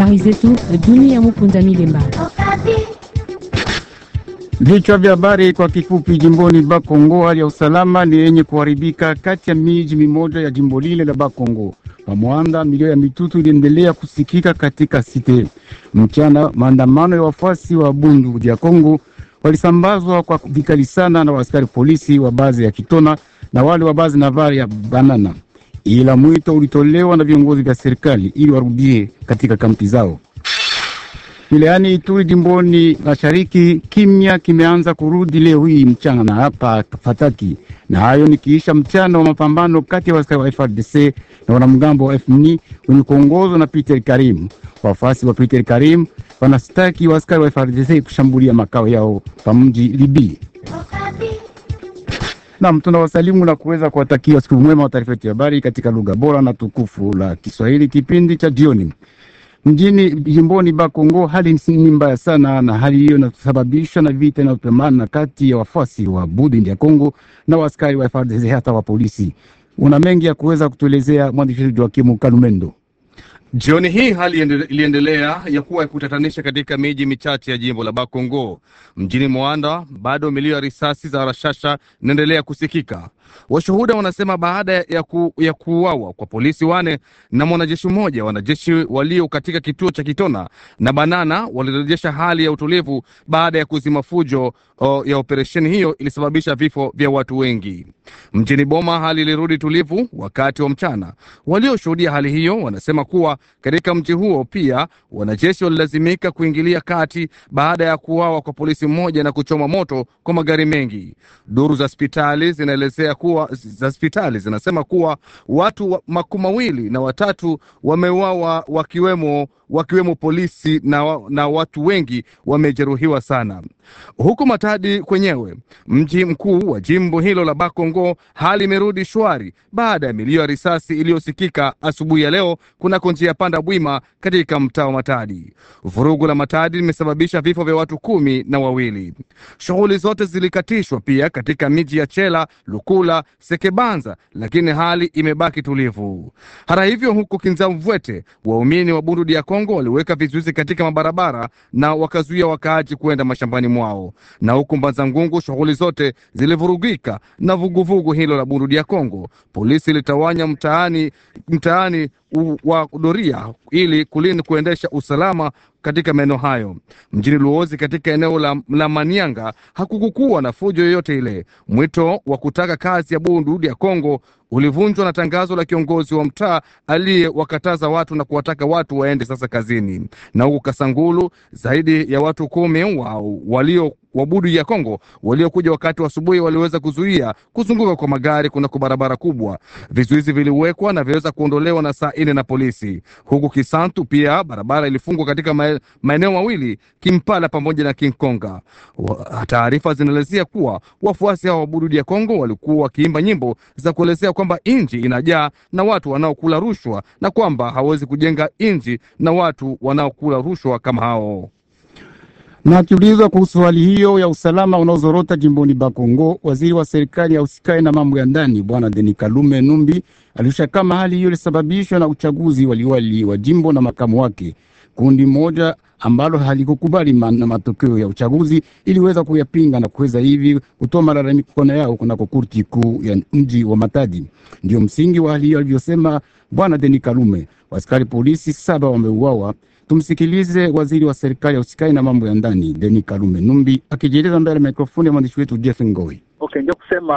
Habari zetu dunia, Mukunda Milemba. Vichwa vya habari kwa kifupi. Jimboni Bakongo, hali ya usalama ni yenye kuharibika kati ya miji mimoja ya jimbo lile la Bakongo. Pamwanda, milio ya mitutu iliendelea kusikika katika site. Mchana, maandamano ya wafuasi wa Bundu ya Kongo walisambazwa kwa vikali sana na askari polisi wa bazi ya Kitona na wale wa bazi na ya Banana ila mwito ulitolewa na viongozi vya serikali ili warudie katika kampi zao. Wilayani Ituri jimboni mashariki, kimya kimeanza kurudi leo hii mchana na hapa Fataki, na hayo nikiisha mchana wa mapambano kati ya waskari wa FRDC na wanamgambo wa fni wenye kuongozwa na Peter Karim. wafasi wa Peter Karim wanastaki waskari wa FRDC kushambulia makao yao pa mji okay. Naam, tunawasalimu na kuweza kuwatakia siku mwema wa taarifa yetu ya habari katika lugha bora na tukufu la Kiswahili, kipindi cha jioni. Mjini jimboni Bakongo hali ni mbaya sana, na hali hiyo inasababishwa na vita inayopemana kati ya wafuasi wa Budi ya Kongo na waaskari wa FARDC hata wa polisi. Una mengi ya kuweza kutuelezea mwandishi wetu Joakimu Kalumendo. Jioni hii hali iliendelea ya kuwa ya kutatanisha katika miji michache ya jimbo la Bakongo. Mjini mwanda bado milio ya risasi za rashasha inaendelea kusikika. Washuhuda wanasema baada ya, ku, ya kuuawa kwa polisi wane na mwanajeshi mmoja, wanajeshi walio katika kituo cha Kitona na Banana walirejesha hali ya utulivu baada ya kuzima fujo o, ya operesheni hiyo ilisababisha vifo vya watu wengi. Mjini Boma hali ilirudi tulivu wakati wa mchana. Walioshuhudia hali hiyo wanasema kuwa katika mji huo. Pia wanajeshi walilazimika kuingilia kati baada ya kuuawa kwa polisi mmoja na kuchoma moto kwa magari mengi. Duru za hospitali zinaelezea kuwa za hospitali zinasema kuwa watu wa makumi mawili na watatu wameuawa wakiwemo wakiwemo polisi na, wa, na watu wengi wamejeruhiwa sana. Huko Matadi kwenyewe, mji mkuu wa jimbo hilo la Bakongo, hali imerudi shwari baada ya milio ya risasi iliyosikika asubuhi ya leo kunako njia panda Bwima katika mtaa wa Matadi. Vurugu la Matadi limesababisha vifo vya watu kumi na wawili. Shughuli zote zilikatishwa pia katika miji ya Chela, Lukula, Sekebanza, lakini hali imebaki tulivu. Hata hivyo, huko Kinzamvwete waumini wa Bundu dia Kongo waliweka vizuizi katika mabarabara na wakazuia wakaaji kwenda mashambani mwao, na huku Mbanza Ngungu shughuli zote zilivurugika na vuguvugu hilo la burudi ya Kongo. Polisi ilitawanya mtaani mtaani wa doria ili kulini kuendesha usalama katika maeneo hayo. Mjini Luozi, katika eneo la, la Manianga, hakukukuwa na fujo yoyote ile. Mwito wa kutaka kazi ya Bundu ya Kongo ulivunjwa na tangazo la kiongozi wa mtaa aliyewakataza watu na kuwataka watu waende sasa kazini. Na huku Kasangulu, zaidi ya watu kumi wao walio wabudu ya Kongo waliokuja wakati wa asubuhi waliweza kuzuia kuzunguka kwa magari kunako barabara kubwa. Vizuizi viliwekwa na viweza kuondolewa na saa ine na polisi. Huku Kisantu pia barabara ilifungwa katika maeneo mawili, Kimpala pamoja na Kinkonga. Taarifa zinaelezea kuwa wafuasi hao wabudu ya Kongo walikuwa wakiimba nyimbo za kuelezea kwamba nchi inajaa na watu wanaokula rushwa na kwamba hawezi kujenga nchi na watu wanaokula rushwa kama hao. Na akiulizwa kuhusu hali hiyo ya usalama unaozorota jimboni Bakongo, waziri wa serikali ya usikae na mambo ya ndani bwana Deni Kalume Numbi aliusha kama hali hiyo ilisababishwa na uchaguzi waliwali wa jimbo na makamu wake. Kundi moja ambalo halikukubali na matokeo ya uchaguzi iliweza kuyapinga na kuweza hivi kutoa malalamiko yao kunako kurti kuu ya mji wa Matadi. Ndiyo msingi wa hali hiyo alivyosema bwana Deni Kalume. Waskari polisi saba wameuawa Tumsikilize waziri wa serikali ya usikai na mambo ya ndani Deni Kalume Numbi akijieleza mbele ya mikrofoni ya mwandishi wetu Jeff Ngoi. Okay, ndio kusema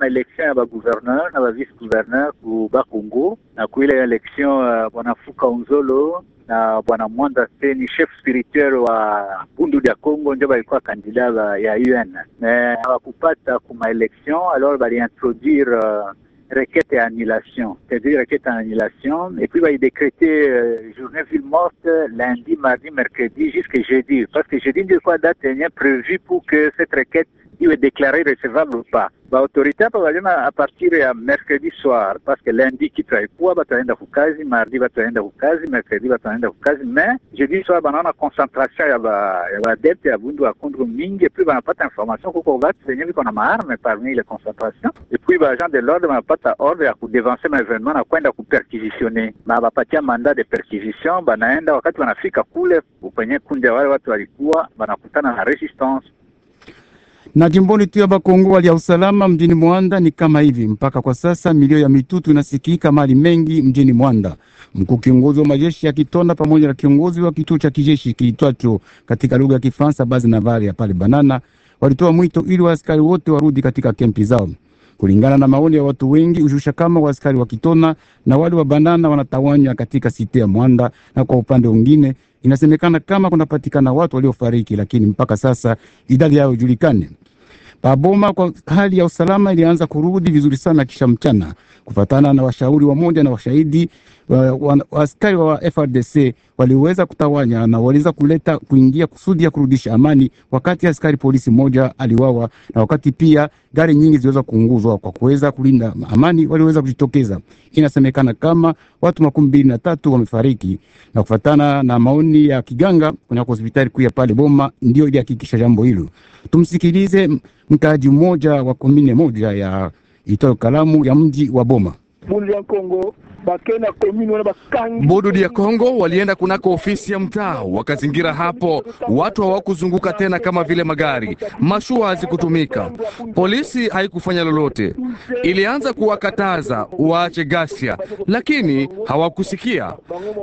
ba election ya ba gouverneur na ba vice gouverneur ku Bakongo na kuile election uh, bwana Fuka Unzolo na bwana Mwanda seni chef spirituel wa Bundu ya Congo ndio balikuwa kandida ya UN na hawakupata ku election alors baliintroduire uh, requête et annulation. C'est-à-dire requête et annulation. Et puis, bah, il va y décréter euh, journée ville morte lundi, mardi, mercredi, jusqu'à jeudi. Parce que jeudi, de quoi date est prévu pour que cette requête iwe déclaré recevable ou pas. Autorité hapa walisema a partir ya mercredi soir, parce que lundi va bataenda kukazi, mardi bataenda kukazi, mercredi bataenda kukazi, mais jeudi soir banaona concentration ya ba ya badepte ya bundu wa kundu mingi, puis banapata information kuko batu venye viko na maarme parmi ile concentration, et puis ba agent de l'ordre banapata ordre ya kudevancer maevenement na kwenda kuperquisitionner, na bapatia mandat de perquisition. Banaenda wakati wanafika kule kwenye kundi ya wale watu walikuwa banakutana na resistance Na jimboni tu ya Bakongo wali ya usalama mjini Mwanda ni kama hivi. Mpaka kwa sasa milio ya mitutu inasikika mali mengi mjini Mwanda. Mkuu kiongozi wa majeshi ya Kitonda pamoja na kiongozi wa kituo cha kijeshi kiitwacho katika lugha ya Kifaransa bazi navari ya pale Banana walitoa mwito ili waaskari wote warudi katika kempi zao. Kulingana na maoni ya watu wengi, ushusha kama waaskari wa Kitona na wale wa Banana wanatawanywa katika site ya Mwanda, na kwa upande mwingine inasemekana kama kunapatikana watu waliofariki, lakini mpaka sasa idadi yao ijulikane. Paboma kwa hali ya usalama ilianza kurudi vizuri sana kisha mchana, kufatana na washauri wamoja na washahidi askari wa, wa, wa FRDC waliweza kutawanya na waliweza kuleta kuingia kusudi ya kurudisha amani, wakati askari polisi moja aliwawa na wakati pia gari nyingi ziliweza kuunguzwa. Kwa kuweza kulinda amani, waliweza kujitokeza. Inasemekana kama watu makumi mbili na tatu wamefariki, na kufatana na maoni ya kiganga kwenye hospitali kuu ya pale Boma ndio ilihakikisha jambo hilo. Tumsikilize mkaaji mmoja wa komine moja ya itoyo Kalamu ya mji wa Boma. Mbundu ya Kongo walienda kunako ofisi ya mtaa, wakazingira hapo. Watu hawakuzunguka tena kama vile magari, mashua hazikutumika, polisi haikufanya lolote. Ilianza kuwakataza waache ghasia, lakini hawakusikia.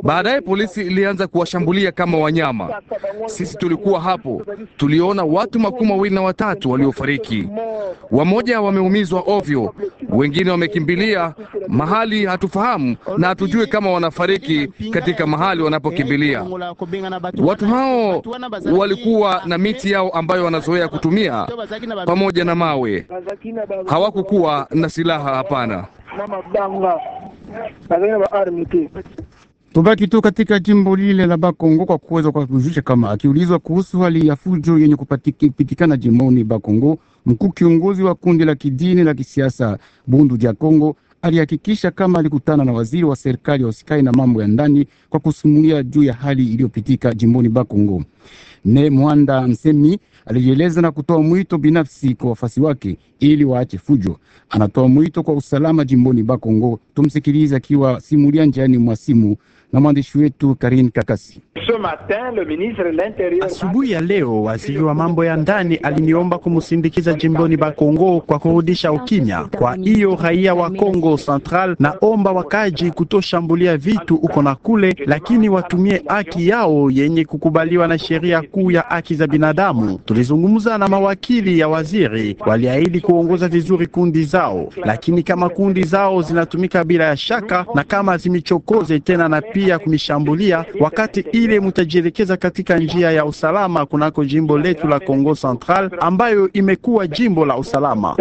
Baadaye polisi ilianza kuwashambulia kama wanyama. Sisi tulikuwa hapo, tuliona watu makumi mawili na watatu waliofariki, wamoja wameumizwa ovyo, wengine wamekimbilia mahali hatufahamu na hatujui kama wanafariki katika mahali wanapokimbilia. Watu hao walikuwa na miti yao ambayo wanazoea kutumia pamoja na mawe, hawakukuwa na silaha. Hapana. Tubaki tu katika jimbo lile la Bakongo kwa kuweza kuwajulisha kama akiulizwa kuhusu hali ya fujo yenye kupatikana jimboni Bakongo, mkuu kiongozi wa kundi la kidini la kisiasa Bundu ya Kongo alihakikisha kama alikutana na waziri wa serikali wa usikai na mambo ya ndani kwa kusimulia juu ya hali iliyopitika jimboni Bakongo. Ne Mwanda Msemi alijieleza na kutoa mwito binafsi kwa wafasi wake ili waache fujo. Anatoa mwito kwa usalama jimboni Bakongo. Tumsikilize akiwa simulia njiani mwa simu na mwandishi wetu Karin Kakasi. Asubuhi ya leo waziri wa mambo ya ndani aliniomba kumsindikiza jimboni Bakongo kwa kurudisha ukimya. Kwa hiyo raia wa Kongo Central, naomba wakaji kutoshambulia vitu uko na kule, lakini watumie haki yao yenye kukubaliwa na sheria kuu ya haki za binadamu. Tulizungumza na mawakili ya waziri, waliahidi kuongoza vizuri kundi zao, lakini kama kundi zao zinatumika bila ya shaka na kama zimichokoze tena na pia kulishambulia wakati ile mtajielekeza katika njia ya usalama kunako jimbo letu la Kongo Central ambayo imekuwa jimbo la usalama.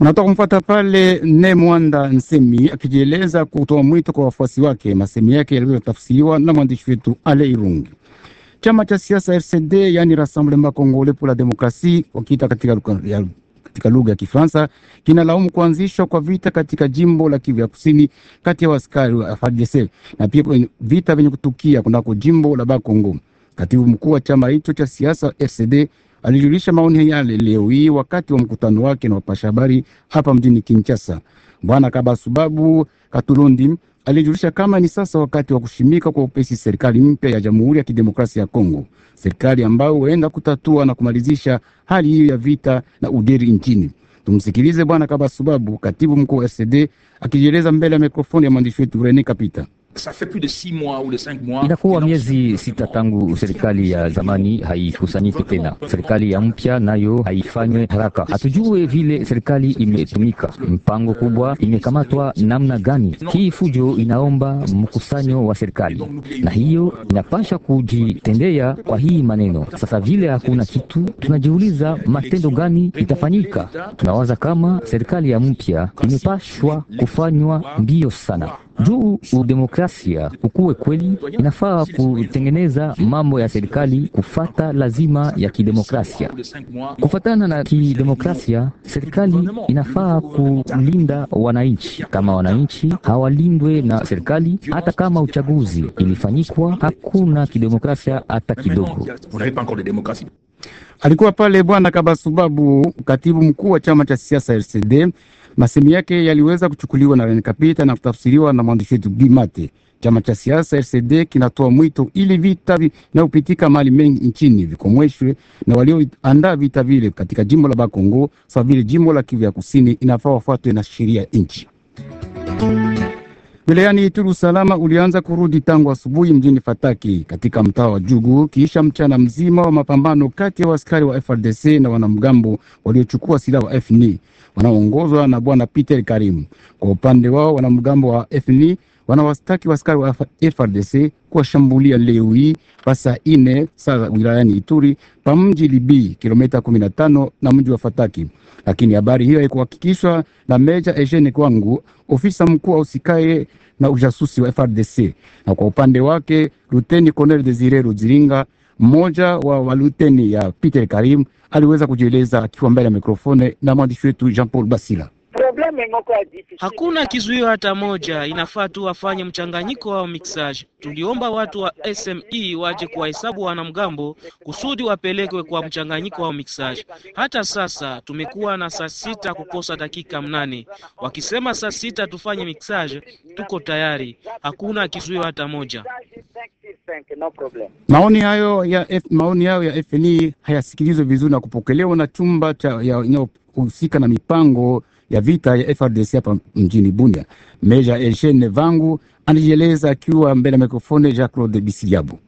Unatoka kumfuata pale ne Mwanda Nsemi akijieleza kutoa mwito kwa wafuasi wake. Masemi yake yalivyotafsiriwa na mwandishi wetu Ale Irungi. Chama cha siasa RCD, yani Rassemblement Congolais pour la Demokrasie, wakiita katika ya katika lugha ya Kifaransa kinalaumu kuanzishwa kwa vita katika jimbo la Kivu ya Kusini kati ya askari wa FARDC na pia vita vyenye kutukia kunako jimbo la Bakongo. Katibu mkuu wa chama hicho cha siasa FCD alijulisha maoni yale leo hii wakati wa mkutano wake na wapasha habari hapa mjini Kinshasa. Bwana Kabasubabu Katulundi alijulisha kama ni sasa wakati wa kushimika kwa upesi serikali mpya ya Jamhuri ya Kidemokrasia ya Kongo, serikali ambayo huenda kutatua na kumalizisha hali hiyo ya vita na ujeri nchini. Tumsikilize Bwana Kabasubabu, katibu mkuu wa SED, akijieleza mbele ya mikrofoni ya mwandishi wetu Rene Kapita. Inakuwa miezi sita tangu serikali ya zamani haikusanyike tena. Serikali ya mpya nayo haifanywe haraka. Hatujue vile serikali imetumika, mpango kubwa imekamatwa namna gani. Hii fujo inaomba mkusanyo wa serikali, na hiyo inapasha kujitendea kwa hii maneno. Sasa vile hakuna kitu, tunajiuliza matendo gani itafanyika. Tunawaza kama serikali ya mpya imepashwa kufanywa mbio sana juu udemokrasia demokrasia kukuwe kweli, inafaa kutengeneza mambo ya serikali kufata lazima ya kidemokrasia. Kufatana na kidemokrasia, serikali inafaa kulinda wananchi. Kama wananchi hawalindwe na serikali, hata kama uchaguzi ilifanyikwa, hakuna kidemokrasia hata kidogo. Alikuwa pale Bwana Kabasubabu, katibu mkuu wa chama cha siasa RCD. Masemi yake yaliweza kuchukuliwa na Ren Kapita na kutafsiriwa na mwandishi wetu Gimate. Chama cha siasa RCD kinatoa mwito ili vita vinavyopitika mali mengi nchini vikomeshwe na walioandaa vita vile katika jimbo la Bakongo sawa vile jimbo la Kivu ya Kusini inafaa wafuatwe na sheria ya nchi. Wilayani Ituri usalama ulianza kurudi tangu asubuhi mjini Fataki katika mtaa wa Jugu kisha mchana mzima wa mapambano kati ya askari wa FRDC na wanamgambo waliochukua silaha wa FNI wanaoongozwa na Bwana Peter Karim. Kwa upande wao, wanamgambo wa FNI wanawastaki waskari wa FRDC kuwashambulia leo hii pasa ine saa wilayani Ituri pa mji Libii, kilomita 15 na mji wa Fataki, lakini habari hiyo haikuhakikishwa na Meja Eugene Kwangu, ofisa mkuu wa usikae na ujasusi wa FRDC, na kwa upande wake Luteni Colonel Desire Rudiringa mmoja wa waluteni ya Peter Karim aliweza kujieleza akiwa mbele ya mikrofone na mwandishi wetu Jean Paul Basila. Hakuna kizuio hata moja, inafaa tu wafanye mchanganyiko wa mixage. Tuliomba watu wa SME waje kuwahesabu wanamgambo kusudi wapelekwe kwa mchanganyiko wa mixage. Hata sasa tumekuwa na saa sita kukosa dakika mnane, wakisema saa sita tufanye mixage, tuko tayari, hakuna kizuio hata moja no problem. Maoni hayo ya F, maoni hayo ya FNI hayasikilizwe vizuri na kupokelewa na chumba cha inayohusika na mipango ya vita ya FRDC hapa mjini Bunia. Meja Elshene Vangu anajieleza akiwa mbele ya mikrofoni Jacques Claude Bisilabu.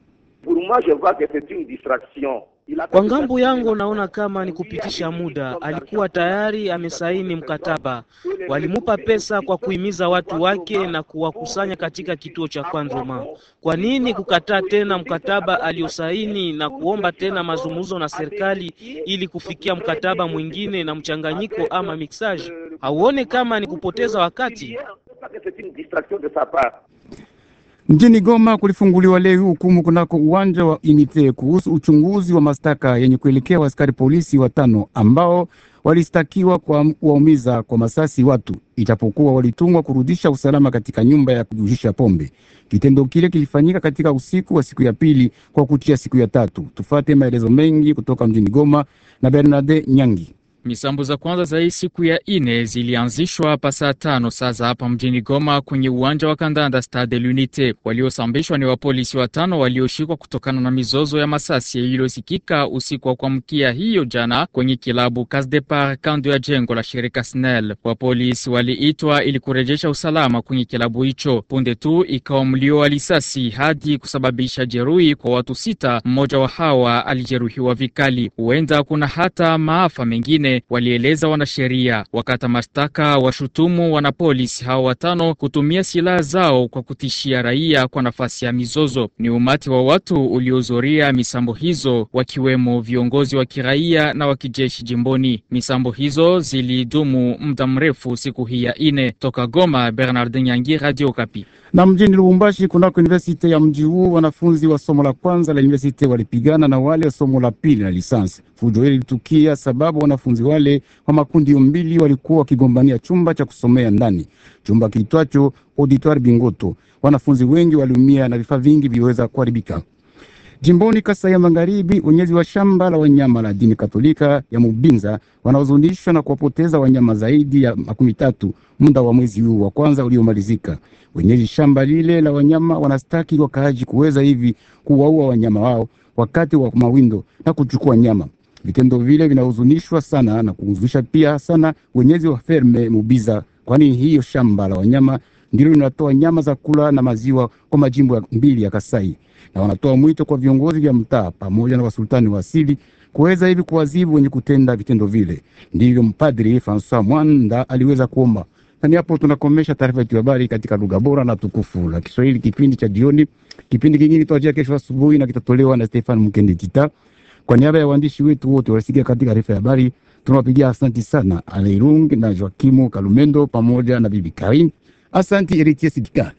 Pour moi je vois que c'est une distraction kwa ngambo yangu naona kama ni kupitisha muda. Alikuwa tayari amesaini mkataba, walimupa pesa kwa kuhimiza watu wake na kuwakusanya katika kituo cha Kwandroma. Kwa nini kukataa tena mkataba aliosaini na kuomba tena mazungumzo na serikali ili kufikia mkataba mwingine na mchanganyiko ama mixage? Eh, Hauone kama ni kupoteza eh, wakati? Mjini Goma kulifunguliwa leo hukumu kunako uwanja wa Unite kuhusu uchunguzi wa mashtaka yenye kuelekea askari polisi watano ambao walistakiwa kwa kuwaumiza kwa masasi watu ijapokuwa walitungwa kurudisha usalama katika nyumba ya kujuhisha pombe. Kitendo kile kilifanyika katika usiku wa siku ya pili kwa kutia siku ya tatu. Tufate maelezo mengi kutoka mjini Goma na Bernarde Nyangi. Misambo za kwanza za hii siku ya ine zilianzishwa hapa saa tano saa za hapa mjini Goma kwenye uwanja wa kandanda Stade Lunite. Waliosambishwa ni wapolisi watano walioshikwa kutokana na mizozo ya masasi iliyosikika usiku wa kuamkia hiyo jana kwenye kilabu Cas Par kando ya jengo la shirika SNEL. Wapolisi waliitwa ili kurejesha usalama kwenye kilabu hicho. Punde tu ikawa mlio wa risasi hadi kusababisha jeruhi kwa watu sita. Mmoja wa hawa alijeruhiwa vikali. Huenda kuna hata maafa mengine wanne, walieleza wanasheria, wakata mashtaka washutumu wanapolisi hao watano kutumia silaha zao kwa kutishia raia kwa nafasi ya mizozo. Ni umati wa watu uliohudhuria misambo hizo, wakiwemo viongozi wa kiraia na wa kijeshi jimboni. Misambo hizo zilidumu muda mrefu siku hii ya ine. Toka Goma, Bernard Nyangi, Radio Kapi. Na mjini Lubumbashi, kunako universite ya mji huo, wanafunzi wa somo la kwanza la universite walipigana na wale wa somo la pili na lisansi Fujo hili lilitukia sababu wanafunzi wale wa makundi mbili walikuwa wakigombania chumba cha kusomea ndani, chumba kiitwacho Auditoire Bingoto. Wanafunzi wengi waliumia na vifaa vingi viliweza kuharibika. Jimboni Kasai ya Magharibi, wenyezi wa shamba la wanyama la dini Katolika ya Mubinza wanaozunishwa na kuwapoteza wanyama zaidi ya makumi tatu muda wa mwezi huu wa kwanza uliomalizika. Wenyeji shamba lile la wanyama wanastaki wakaaji kuweza hivi kuwaua wanyama wao wakati wa mawindo na kuchukua nyama. Vitendo vile vinahuzunishwa sana na kuhuzunisha pia sana wenyezi wa ferme Mubiza, kwani hiyo shamba la wanyama ndilo linatoa nyama za kula na maziwa kwa majimbo ya mbili ya Kasai, na wanatoa mwito kwa viongozi vya mtaa pamoja na wasultani wa asili kuweza hivi kuwazibu wenye kutenda vitendo vile. Ndivyo mpadri Francois Mwanda aliweza kuomba. Nani hapo tunakomesha taarifa yetu habari katika lugha bora na tukufu la Kiswahili, kipindi cha jioni. Kipindi kingine tutajia kesho asubuhi na kitatolewa na Stefan Mkendikita. Kwa niaba ya waandishi wetu wote walisikia katika taarifa ya habari, tunawapigia asanti sana aleirung na Joakimu Kalumendo pamoja na Bibi Karin. Asanti Eritie Sidikani.